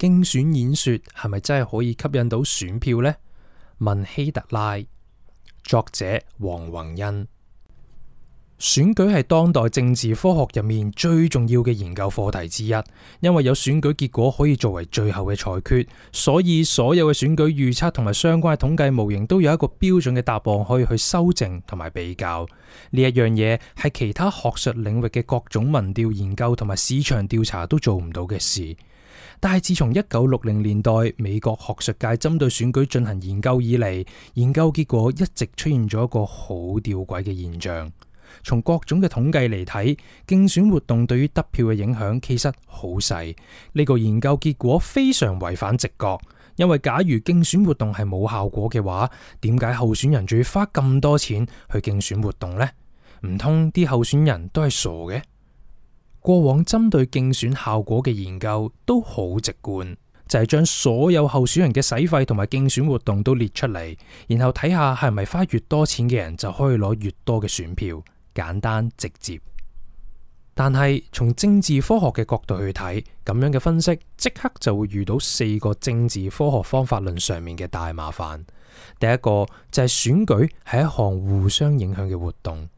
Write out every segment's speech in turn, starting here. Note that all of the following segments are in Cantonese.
競選演說係咪真係可以吸引到選票呢？問希特拉，作者王宏恩。選舉係當代政治科學入面最重要嘅研究課題之一，因為有選舉結果可以作為最後嘅裁決，所以所有嘅選舉預測同埋相關嘅統計模型都有一個標準嘅答案可以去修正同埋比較。呢一樣嘢係其他學術領域嘅各種民調研究同埋市場調查都做唔到嘅事。但係自從一九六零年代美國學術界針對選舉進行研究以嚟，研究結果一直出現咗一個好吊詭嘅現象。從各種嘅統計嚟睇，競選活動對於得票嘅影響其實好細。呢個研究結果非常違反直覺，因為假如競選活動係冇效果嘅話，點解候選人仲要花咁多錢去競選活動呢？唔通啲候選人都係傻嘅？過往針對競選效果嘅研究都好直觀，就係將所有候選人嘅使費同埋競選活動都列出嚟，然後睇下係咪花越多錢嘅人就可以攞越多嘅選票，簡單直接。但係從政治科學嘅角度去睇，咁樣嘅分析即刻就會遇到四個政治科學方法論上面嘅大麻煩。第一個就係選舉係一項互相影響嘅活動。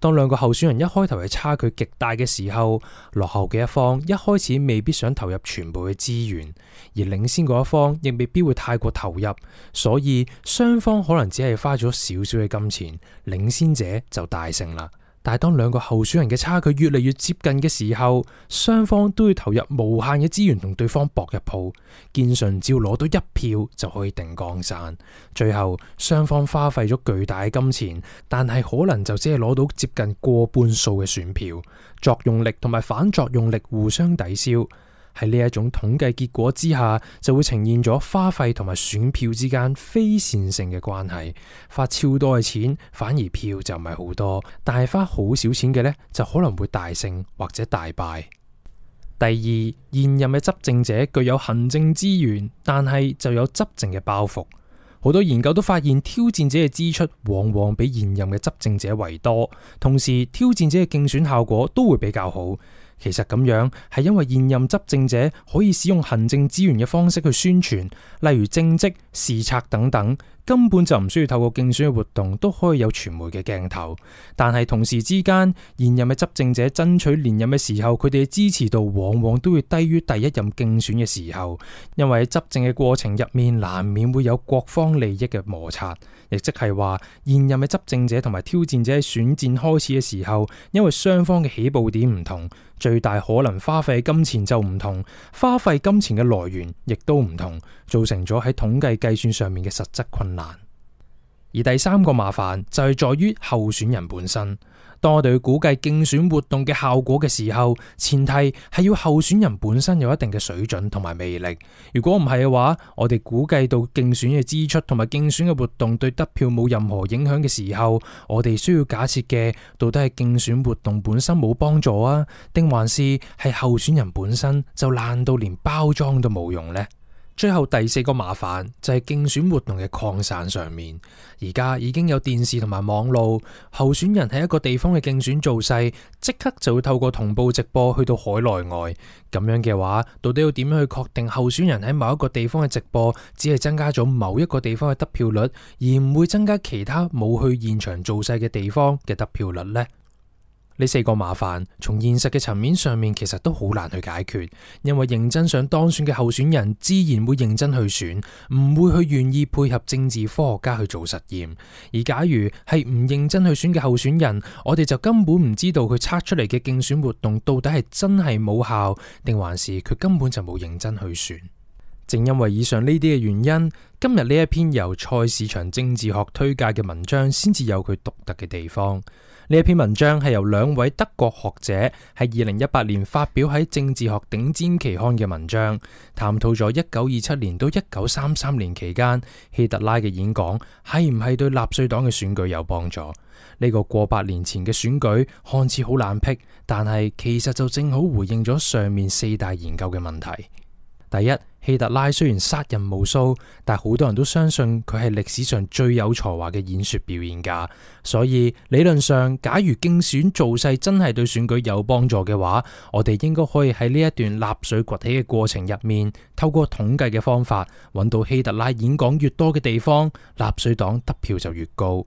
當兩個候選人一開頭係差距極大嘅時候，落後嘅一方一開始未必想投入全部嘅資源，而領先嗰一方亦未必會太過投入，所以雙方可能只係花咗少少嘅金錢，領先者就大勝啦。但係當兩個候選人嘅差距越嚟越接近嘅時候，雙方都要投入無限嘅資源同對方搏一鋪。建信只要攞到一票就可以定江山。最後雙方花費咗巨大嘅金錢，但係可能就只係攞到接近過半數嘅選票。作用力同埋反作用力互相抵消。喺呢一種統計結果之下，就會呈現咗花費同埋選票之間非線性嘅關係，花超多嘅錢反而票就唔係好多，但係花好少錢嘅呢，就可能會大勝或者大敗。第二，現任嘅執政者具有行政資源，但係就有執政嘅包袱。好多研究都發現，挑戰者嘅支出往往比現任嘅執政者為多，同時挑戰者嘅競選效果都會比較好。其實咁樣係因為現任執政者可以使用行政資源嘅方式去宣傳，例如政績、視察等等。根本就唔需要透過競選嘅活動都可以有傳媒嘅鏡頭，但係同時之間現任嘅執政者爭取連任嘅時候，佢哋嘅支持度往往都會低於第一任競選嘅時候，因為喺執政嘅過程入面難免會有各方利益嘅摩擦，亦即係話現任嘅執政者同埋挑戰者喺選戰開始嘅時候，因為雙方嘅起步點唔同，最大可能花費嘅金錢就唔同，花費金錢嘅來源亦都唔同，造成咗喺統計計算上面嘅實質困難。難，而第三個麻煩就係在於候選人本身。當我哋去估計競選活動嘅效果嘅時候，前提係要候選人本身有一定嘅水準同埋魅力。如果唔係嘅話，我哋估計到競選嘅支出同埋競選嘅活動對得票冇任何影響嘅時候，我哋需要假設嘅到底係競選活動本身冇幫助啊，定還是係候選人本身就爛到連包裝都冇用呢？最後第四個麻煩就係競選活動嘅擴散上面，而家已經有電視同埋網路，候選人喺一個地方嘅競選造勢，即刻就會透過同步直播去到海內外。咁樣嘅話，到底要點樣去確定候選人喺某一個地方嘅直播，只係增加咗某一個地方嘅得票率，而唔會增加其他冇去現場造勢嘅地方嘅得票率呢？呢四個麻煩，從現實嘅層面上面，其實都好難去解決。因為認真想當選嘅候選人，自然會認真去選，唔會去願意配合政治科學家去做實驗。而假如係唔認真去選嘅候選人，我哋就根本唔知道佢測出嚟嘅競選活動到底係真係冇效，定還是佢根本就冇認真去選。正因為以上呢啲嘅原因，今日呢一篇由菜市場政治學推介嘅文章，先至有佢獨特嘅地方。呢一篇文章係由兩位德國學者喺二零一八年發表喺政治學頂尖期刊嘅文章，探討咗一九二七年到一九三三年期間希特拉嘅演講係唔係對納粹黨嘅選舉有幫助。呢、這個過百年前嘅選舉看似好冷僻，但係其實就正好回應咗上面四大研究嘅問題。第一，希特拉雖然殺人無數，但好多人都相信佢係歷史上最有才華嘅演說表演家。所以理論上，假如競選造勢真係對選舉有幫助嘅話，我哋應該可以喺呢一段納粹崛起嘅過程入面，透過統計嘅方法，揾到希特拉演講越多嘅地方，納粹黨得票就越高。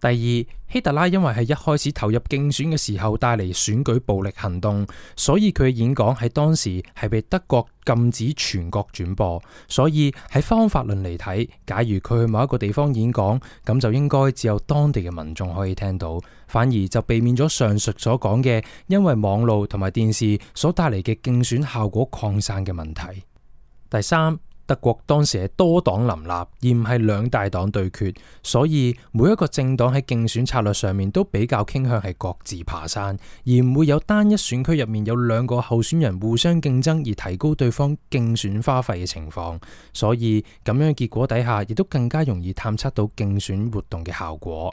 第二，希特拉因為係一開始投入競選嘅時候帶嚟選舉暴力行動，所以佢嘅演講喺當時係被德國禁止全國轉播。所以喺方法論嚟睇，假如佢去某一個地方演講，咁就應該只有當地嘅民眾可以聽到，反而就避免咗上述所講嘅因為網路同埋電視所帶嚟嘅競選效果擴散嘅問題。第三。德國當時係多黨林立，而唔係兩大黨對決，所以每一個政黨喺競選策略上面都比較傾向係各自爬山，而唔會有單一選區入面有兩個候選人互相競爭而提高對方競選花費嘅情況。所以咁樣嘅結果底下，亦都更加容易探測到競選活動嘅效果。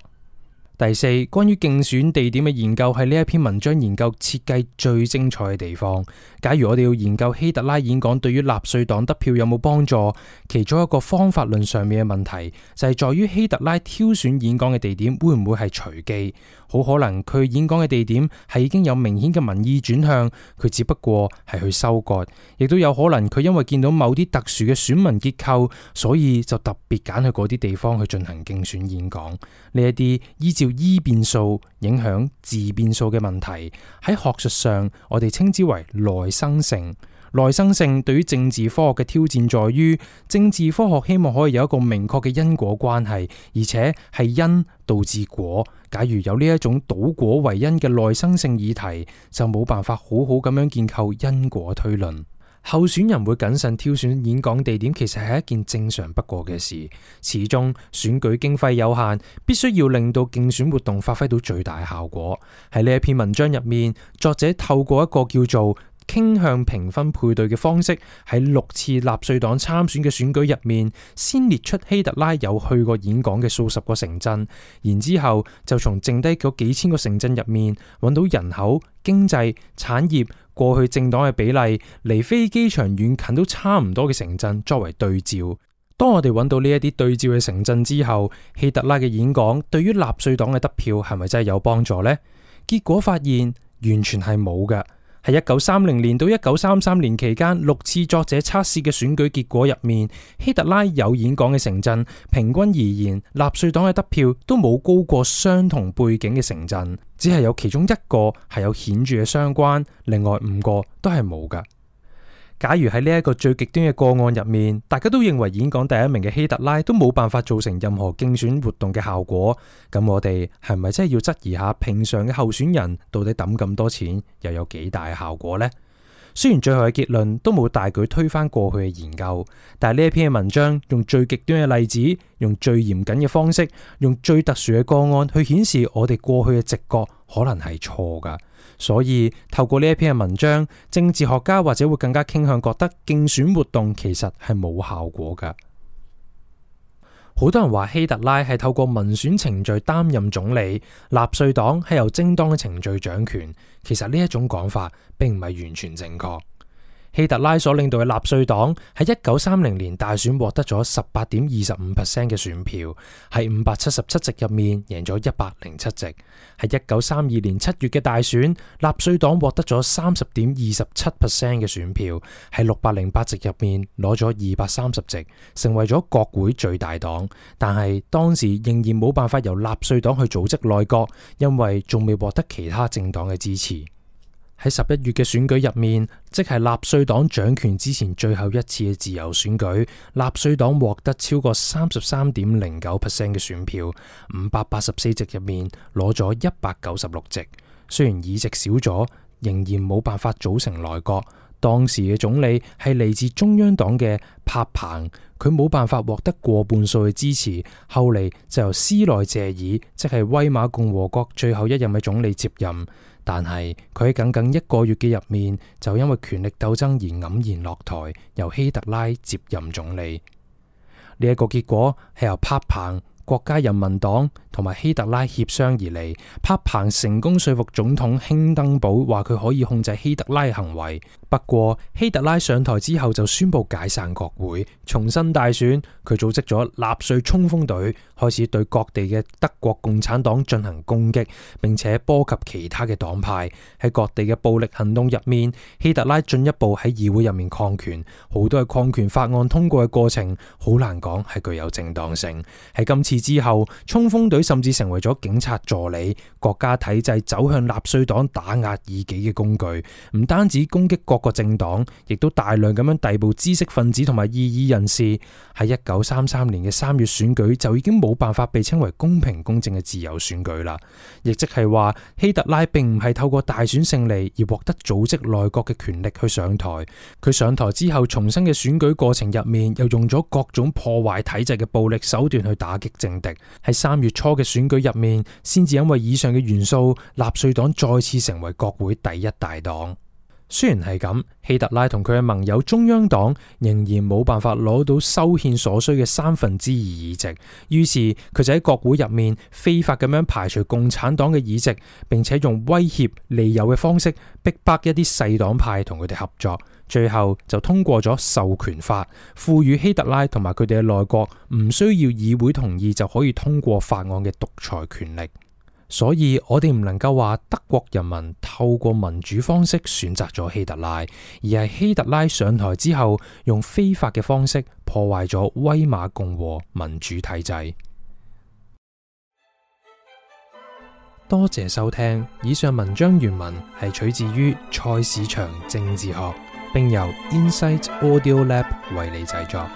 第四，關於競選地點嘅研究係呢一篇文章研究設計最精彩嘅地方。假如我哋要研究希特拉演講對於納粹黨得票有冇幫助，其中一個方法論上面嘅問題就係在於希特拉挑選演講嘅地點會唔會係隨機？好可能佢演講嘅地點係已經有明顯嘅民意轉向，佢只不過係去收割；亦都有可能佢因為見到某啲特殊嘅選民結構，所以就特別揀去嗰啲地方去進行競選演講。呢一啲依照。依變數影響自變數嘅問題喺學術上，我哋稱之為內生性。內生性對於政治科學嘅挑戰在於，政治科學希望可以有一個明確嘅因果關係，而且係因導致果。假如有呢一種倒果為因嘅內生性議題，就冇辦法好好咁樣建構因果推論。候選人會謹慎挑選演講地點，其實係一件正常不過嘅事。始終選舉經費有限，必須要令到競選活動發揮到最大效果。喺呢一篇文章入面，作者透過一個叫做……傾向評分配對嘅方式，喺六次納粹黨參選嘅選舉入面，先列出希特拉有去過演講嘅數十個城鎮，然之後就從剩低嗰幾千個城鎮入面，揾到人口、經濟、產業、產業、過去政黨嘅比例，離飛機場遠近都差唔多嘅城鎮作為對照。當我哋揾到呢一啲對照嘅城鎮之後，希特拉嘅演講對於納粹黨嘅得票係咪真係有幫助呢？結果發現完全係冇嘅。喺一九三零年到一九三三年期間六次作者測試嘅選舉結果入面，希特拉有演講嘅城鎮，平均而言，納粹黨嘅得票都冇高過相同背景嘅城鎮，只係有其中一個係有顯著嘅相關，另外五個都係冇㗎。假如喺呢一個最極端嘅個案入面，大家都認為演講第一名嘅希特拉都冇辦法造成任何競選活動嘅效果，咁我哋係咪真係要質疑下平常嘅候選人到底抌咁多錢又有幾大效果呢？雖然最後嘅結論都冇大舉推翻過去嘅研究，但係呢一篇嘅文章用最極端嘅例子，用最嚴謹嘅方式，用最特殊嘅個案去顯示我哋過去嘅直覺可能係錯噶。所以透過呢一篇嘅文章，政治學家或者會更加傾向覺得競選活動其實係冇效果噶。好多人話希特拉係透過民選程序擔任總理，納粹黨係由正當嘅程序掌權。其實呢一種講法並唔係完全正確。希特拉所領導嘅納粹黨喺一九三零年大選獲得咗十八點二十五 percent 嘅選票，喺五百七十七席入面贏咗一百零七席。喺一九三二年七月嘅大選，納粹黨獲得咗三十點二十七 percent 嘅選票，喺六百零八席入面攞咗二百三十席，成為咗國會最大黨。但係當時仍然冇辦法由納粹黨去組織內閣，因為仲未獲得其他政黨嘅支持。喺十一月嘅選舉入面，即係納粹黨掌權之前最後一次嘅自由選舉，納粹黨獲得超過三十三點零九 percent 嘅選票，五百八十四席入面攞咗一百九十六席，雖然議席少咗，仍然冇辦法組成內閣。當時嘅總理係嚟自中央黨嘅柏朋，佢冇辦法獲得過半數嘅支持，後嚟就由斯內謝爾，即係威瑪共和國最後一任嘅總理接任。但係佢喺僅僅一個月嘅入面，就因為權力鬥爭而黯然落台，由希特拉接任總理。呢、這、一個結果係由柏朋。國家人民黨同埋希特拉協商而嚟，帕彭成功說服總統興登堡話佢可以控制希特拉行為。不過希特拉上台之後就宣佈解散國會，重新大選。佢組織咗納粹衝鋒隊，開始對各地嘅德國共產黨進行攻擊，並且波及其他嘅黨派。喺各地嘅暴力行動入面，希特拉進一步喺議會入面抗權，好多嘅抗權法案通過嘅過程好難講係具有正當性。喺今次。之後，衝鋒隊甚至成為咗警察助理、國家體制走向納粹黨打壓異己嘅工具。唔單止攻擊各個政黨，亦都大量咁樣逮捕知識分子同埋異議人士。喺一九三三年嘅三月選舉就已經冇辦法被稱為公平公正嘅自由選舉啦。亦即係話，希特拉並唔係透過大選勝利而獲得組織內閣嘅權力去上台。佢上台之後，重新嘅選舉過程入面，又用咗各種破壞體制嘅暴力手段去打擊政敵喺三月初嘅選舉入面，先至因為以上嘅元素，納粹黨再次成為國會第一大黨。雖然係咁，希特拉同佢嘅盟友中央黨仍然冇辦法攞到修憲所需嘅三分之二議席，於是佢就喺國會入面非法咁樣排除共產黨嘅議席，並且用威脅利誘嘅方式逼迫一啲細黨派同佢哋合作，最後就通過咗授權法，賦予希特拉同埋佢哋嘅內閣唔需要議會同意就可以通過法案嘅獨裁權力。所以我哋唔能夠話德國人民透過民主方式選擇咗希特拉，而係希特拉上台之後用非法嘅方式破壞咗威瑪共和民主體制。 多謝收聽，以上文章原文係取自於《菜市場政治學》，並由 Insight Audio Lab 為你製作。